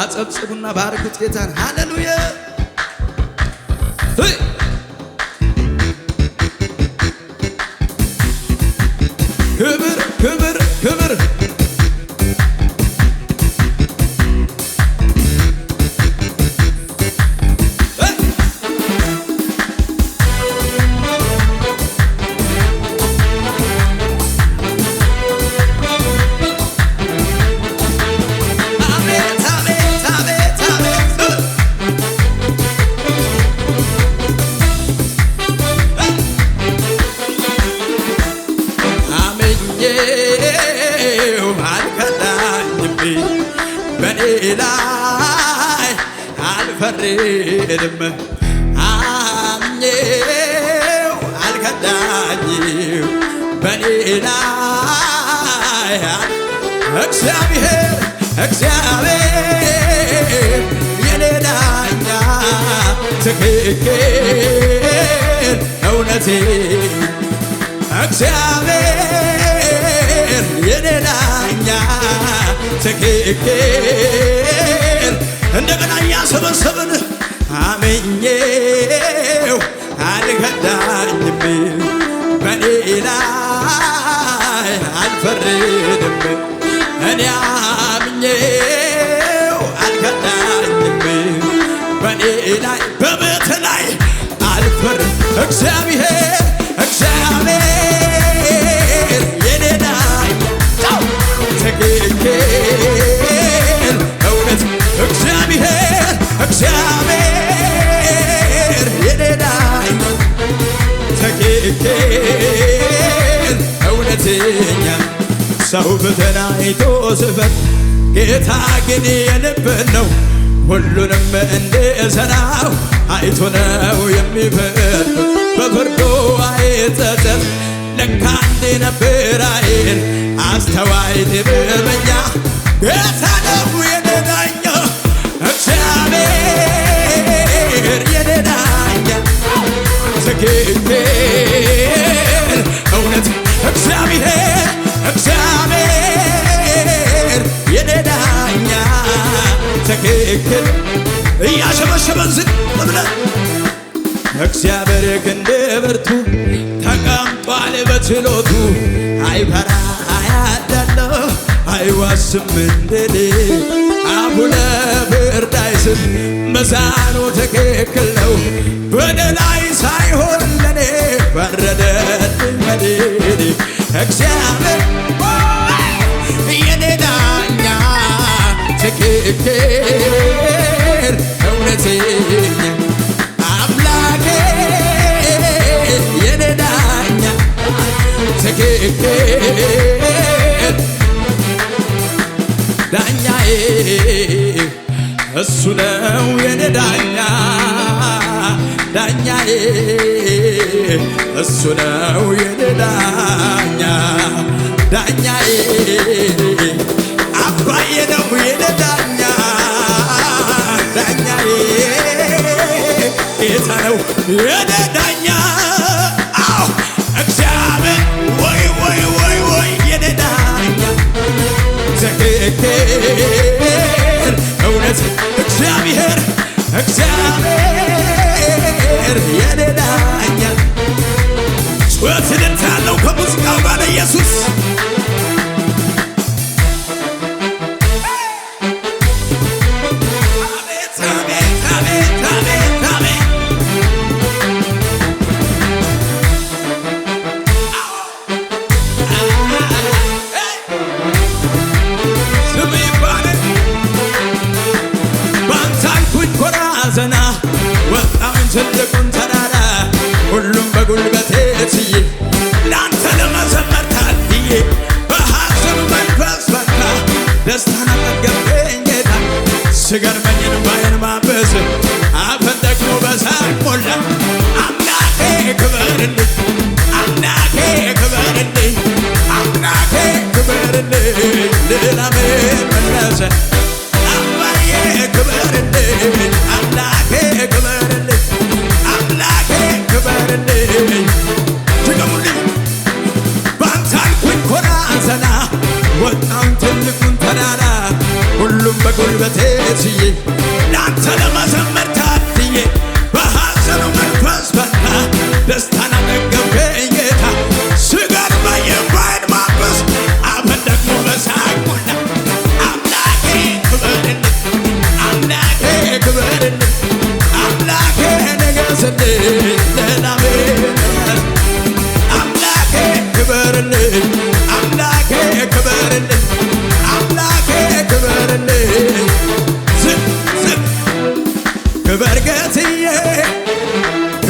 አጨብጭቡና ባርኩት ጌታን ሃሌሉያ ላይ አልፈርድም አምኜው አልከዳኝም በኔ ላይ እግዚአብሔር እግዚአብሔር የኔ ዳኛ ትክክል እውነቴ እግዚአብሔር የኔ ዳኛ ትክክል እንደገና እያሰበሰብን አመኘው አልከዳኝም በኔ ላይ አልፈርድም እኔ አምኜው አልከዳኝም ላይ አልፈርድ እግዚአብሔር ምስክር እውነተኛ ሰው ፈተና አይቶ ስፈት ጌታ ግን የልብን ነው ሁሉንም እንድሰራው አይቶ ነው የሚፈር በፍርዱ አይጸጸት ለካ እንዴ ነበር አይን አስተዋይ ጥበበኛ ጌታ ነው እግዚአብሔር እውነት እግዚአብሔር እግዚአብሔር የኔዳኛ ትክክል እያሸበሸበን ዝቅ ብለን እግዚአብሔር ክንድ ብርቱ ተቀምጧል በችሎቱ አይፈራ አያዳለው አይዋስም እንድል አቡነ ብርዳይስን መዛኑ ትክክል ነው። በደላይ ሳይሆን ለኔ ፈረደልኝ መድን እግዚአብሔር የኔ ዳኛ ትክክል እውነቴኛ እሱ ነው የኔ ዳኛ ዳኛዬ እሱ ነው የኔ ዳኛ ዳኛዬ አባዬ ነው የኔ ዳኛ ዳኛዬ ጌታ ነው የኔ ዳኛ አዎ እግዚአብሔር ወይ ወይ ወይ ወይ የኔ ዳኛ እውነት እግዚአብሔር እግዚአብሔር የሌላኛ ጩኸት ልታለው ከሙዚቃው ጋር ኢየሱስ በጣም ትልቁን ተራራ ሁሉም በጉልበቴ ስዬ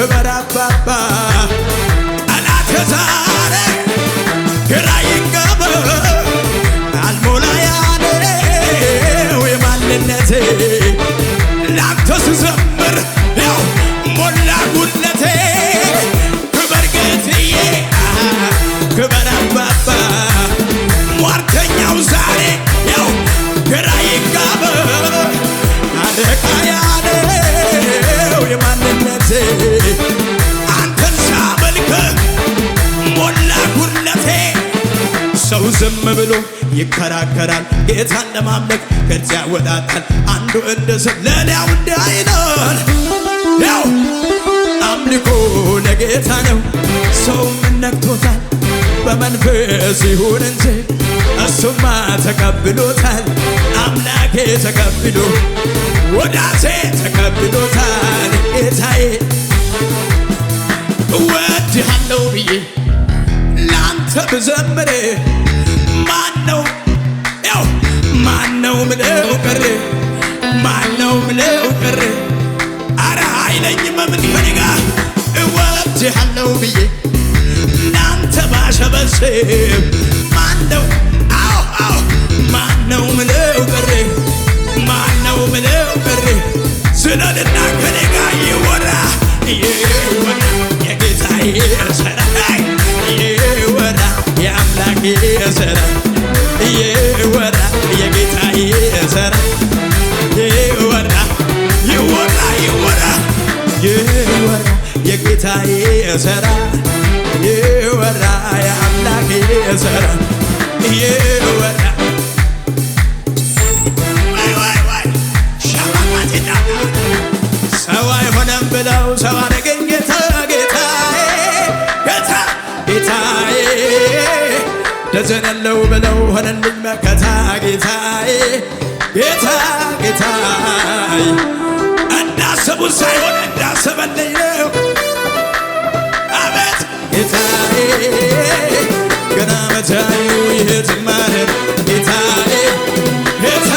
ክበር አባባ ጠላት ከዛሬ ግራ ይጋባ አልሞላ ያለው የማንነቴ ላንተስ ዘም ዝም ብሎ ይከራከራል። ጌታን ለማምለክ ከርጽ ያወጣጣል። አንዱ እንደ ሰው ለሌላው እንደ አይናል። ያው አምልኮ ለጌታ ነው። ሰው ምን ነክቶታል? በመንፈስ ይሁን እንጂ እሱማ ተቀብሎታል። አምላኬ ተቀብሎ ወዳሴ ተቀብሎታል። ጌታዬ እወድሃለው ብዬ ላንተ ብዘምሬ ማነው ያው ማነው ምለው ቀሬ ማነው ምለው ቀሬ አረ አይለኝም ምን ፈልጋ እወድሃለው ብዬ እናንተ ባሸበሴ ማነው አዎ አዎ ማነው ምለው ቀረ ማነው ምለው ቀረ ስለልና ከኔ ጋር ይወራ ይወራ የጌታዬ ስራ ይወራ የአምላኬ ስራ ይወራ የአምላኬ ስራ ይወራ ሰው አይሆነም ብለው ሰው አደገኝ ጌታ ጌታዬ ደዘነለው ብለው ሆነልኝ መከታ ጌታዬ ጌታ ጌታዬ እንዳሰቡት ሳይሆን እንዳሰበልኝ ነው ገና መታዩ ይህ ዝማሬ ጌታዬ ጌታ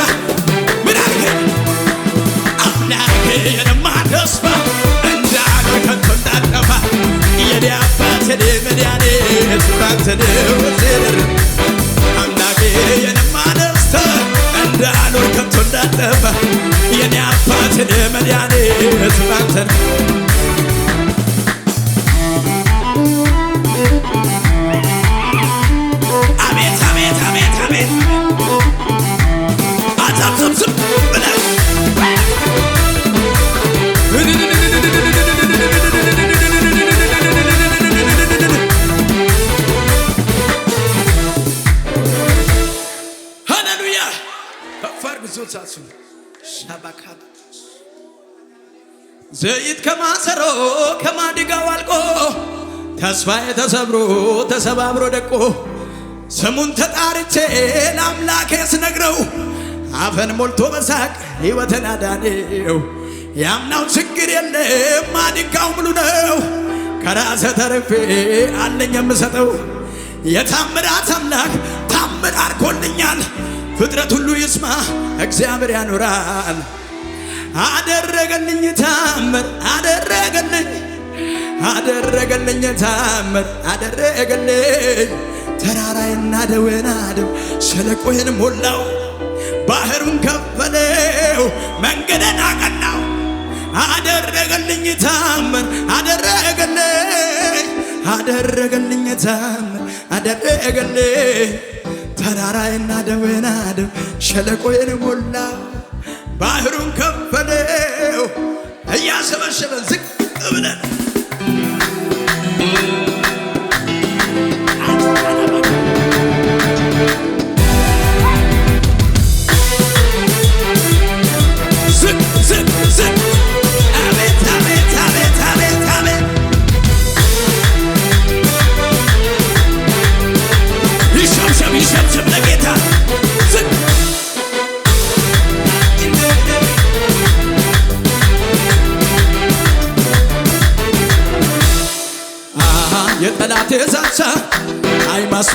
ይዞታሱ ሻባካት ዘይት ከማሰሮ ከማድጋው አልቆ ተስፋዬ ተሰብሮ ተሰባብሮ ደቆ ስሙን ተጣርቼ ለአምላኬ ስነግረው አፈን ሞልቶ በሳቅ ሕይወትን አዳኔው። ያምናው ችግር የለም ማድጋው ሙሉ ነው። ከራሰ ተርፌ አለኝ የምሰጠው የታምራት አምላክ ታምር አርጎልኛል። ፍጥረት ሁሉ ይስማ፣ እግዚአብሔር ያኖራል። አደረገልኝ ታምር አደረገልኝ አደረገልኝ ታምር አደረገልኝ ተራራዬና ደዌን አደም ሸለቆዬን ሞላው፣ ባህሩን ከፈለው፣ መንገደን አቀናው። አደረገልኝ ታምር አደረገልኝ አደረገልኝ ታምር አደረገልኝ ተራራይና ደብና ደብ ሸለቆዬን ሞላ ባህሩን ከፈለው እያሰበሰበን ዝቅ ብለን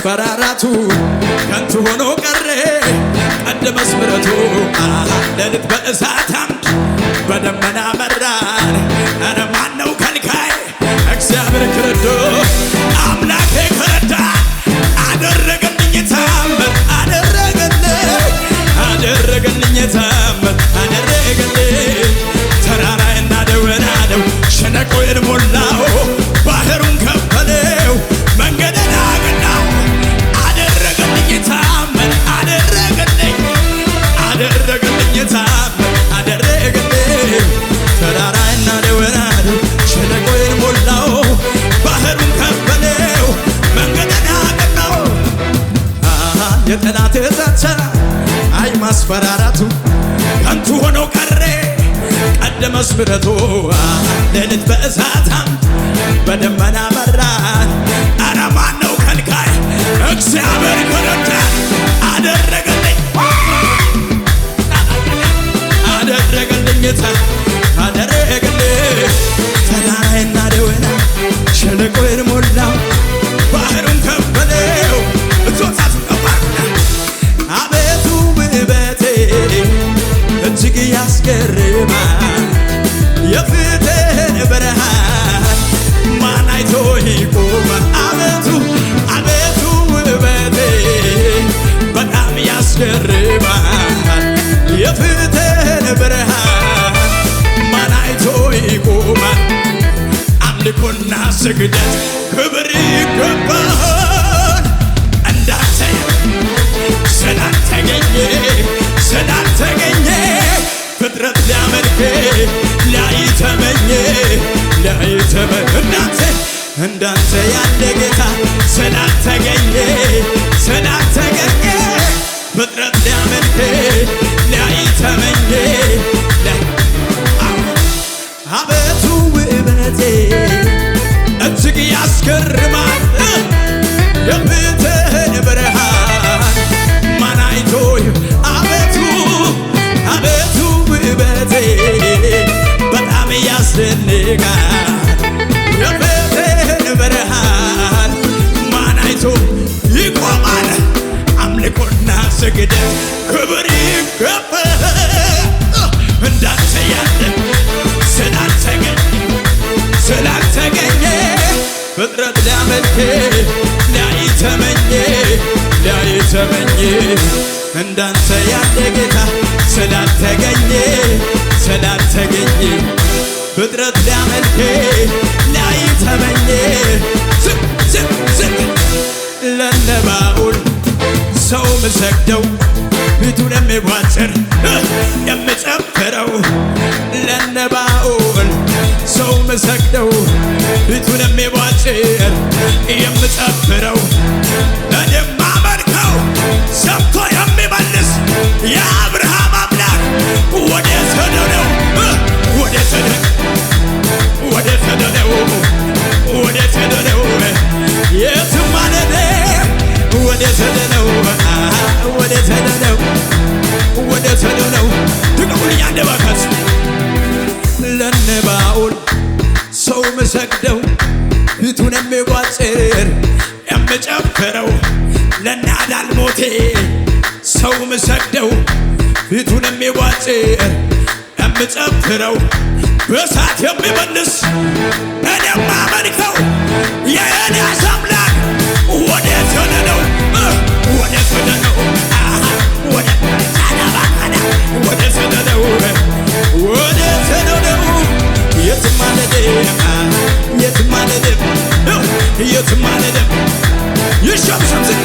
መስፈራራቱ ከንቱ ሆኖ ቀረ ቀደመስ ምሕረቱ ለልክ በእሳት የጠላት ዛቻ አይ ማስፈራራቱ ከንቱ ሆኖ ቀሬ ቀደመ ስብረቱ ሌሊት በእሳት በደመና መራን። አረ ማን ነው ከልካይ? እግዚአብሔር ከረዳ አደረገልኝ አደረገልኝ ታ አደረገልኝ ተራራይና ደወና ሸለቆ ሞላው ባህሩን ከፈለው አቤቱ ውበቴ እጅግ ያስገርማል። ይቆማል? አቤቱ አቤቱ ውበቴ በጣም ይቆማል? አምልኮና ስግደት ክብር አንድ ጌታ ሰላም ተገኘ፣ ፍጥረት ሊያመልክ ላይ ተመኘ አቤቱ ውበቴ እጅግ ያስገርማል። የፊትህን ብርሃን ማን አይቶይ? አቤቱ አቤቱ ውበቴ በጣም ያስደንቃል። አልሰግድ ክብር ይገባ እንዳንተ ያለ ስላልተገኘ ስላልተገኘ ፍጥረት ላመልክ እንዳንተ ጭር የምጨብረው የማመልከው ሰምቶ የሚመልስ የአብርሃም አምላክ ወደ ሰደደው ወደ ሰደደ ወደ ሰደደው ወደ ሰደደው የትም አለለ ወደ ሰደደው ወደ ሰደደው ወደ ሰደደው ትቅሙልኛ ለባከስ ለነባኡል ሰው መሰግደው የሚቧጭር የምጨፍረው ለናዳል ሞቴ ሰው ምሰግደው ፊቱን የሚቧጭር የምጨፍረው በእሳት የሚመልስ እኔማ መልከው የእኔ አምላክ ወደ ተነነው ወደ ተነ የትም አልሄድም ይሸምሸም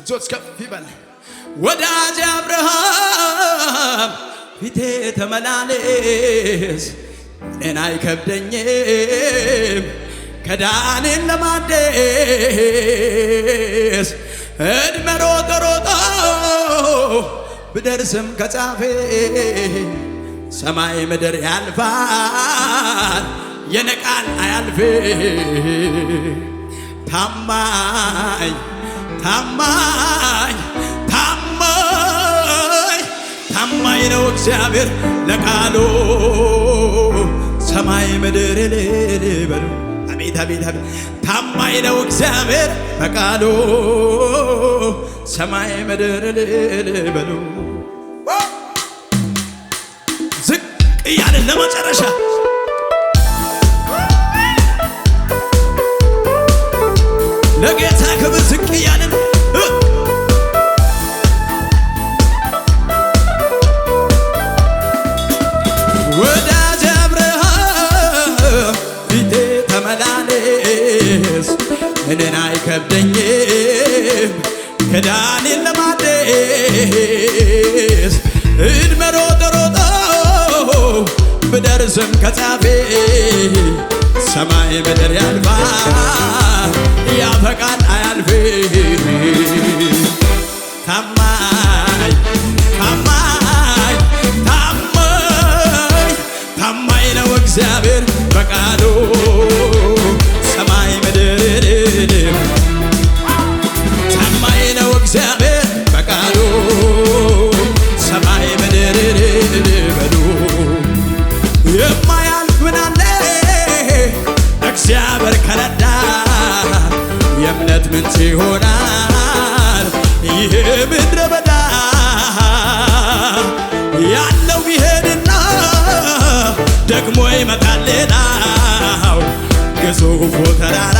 እጆች ከፍ ይበል ወዳጅ አብርሃም ፊቴ ተመላለስ ማዳን አይከብደኝም ከዳኔን ለማደስ እድመ ሮጦ ሮጦ ብደርስም ከጻፌ ሰማይ ምድር ያልፋል የነቃል አያልፌ ታማኝ ታማኝ ታማኝ ታማኝ ነው እግዚአብሔር ለቃሉ ሰማይ ምድር እልል በሉ። አቤት አቤት አቤት ታማኝ ነው እግዚአብሔር በቃሉ ሰማይ ምድር እልል በሉ። ዝቅ እያለን ለመጨረሻ ለጌታ እኔን አይከብደኝም ከዳኔን ለማደስ እድሜ ሮጦ ሮጦ ብደርስም ከጻፌ ሰማይ ምድር ያልፋል ያፈቃል አያልፌ ሸለቆ ተራራ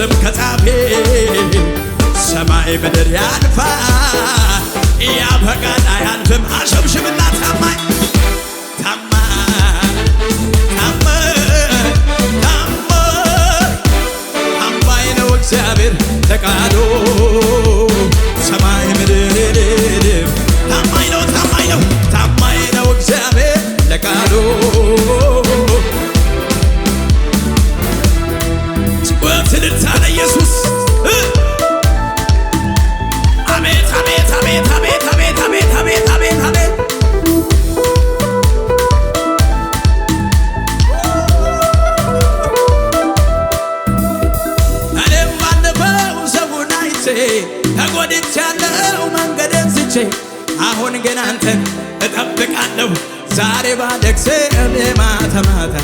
ስም ከጻፌ ሰማይ ምድር ያልፋ ያ በቃል አያልፍም አሸ አሁን ግን አንተን እጠብቃለሁ ዛሬ ባለቅስ ማታ ማታ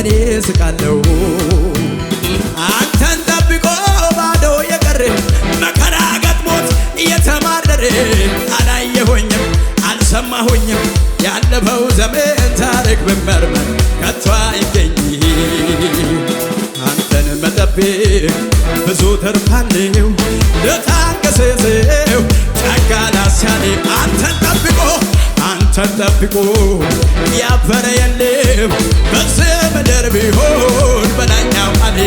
እኔ ስቃለሁ። አንተን ጠብቆ ባዶ የቀረ መከራ ገጥሞት እየተማረረ አላየሆኝም አልሰማሁኝም ያለፈው ዘመን ታሪክ ብመርመር ከቶ አይገኝ አንተን መጠበቅ ብዙ ትርፋ አለው አንተን ጠብቆ ያፈረ የለም በዚህ ምድር ቢሆን በላኛው አኔ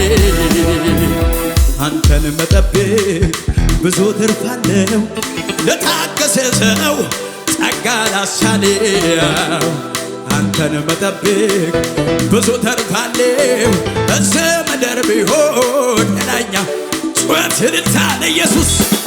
አንተን መጠበቅ ብዙ ትርፍ አለው ለታገሰ ሰው ጸጋ ላሳሌው አንተን መጠበቅ ብዙ ትርፍ አለው በዚህ ምድር ቢሆን ላይኛው ጩኸት እልልታ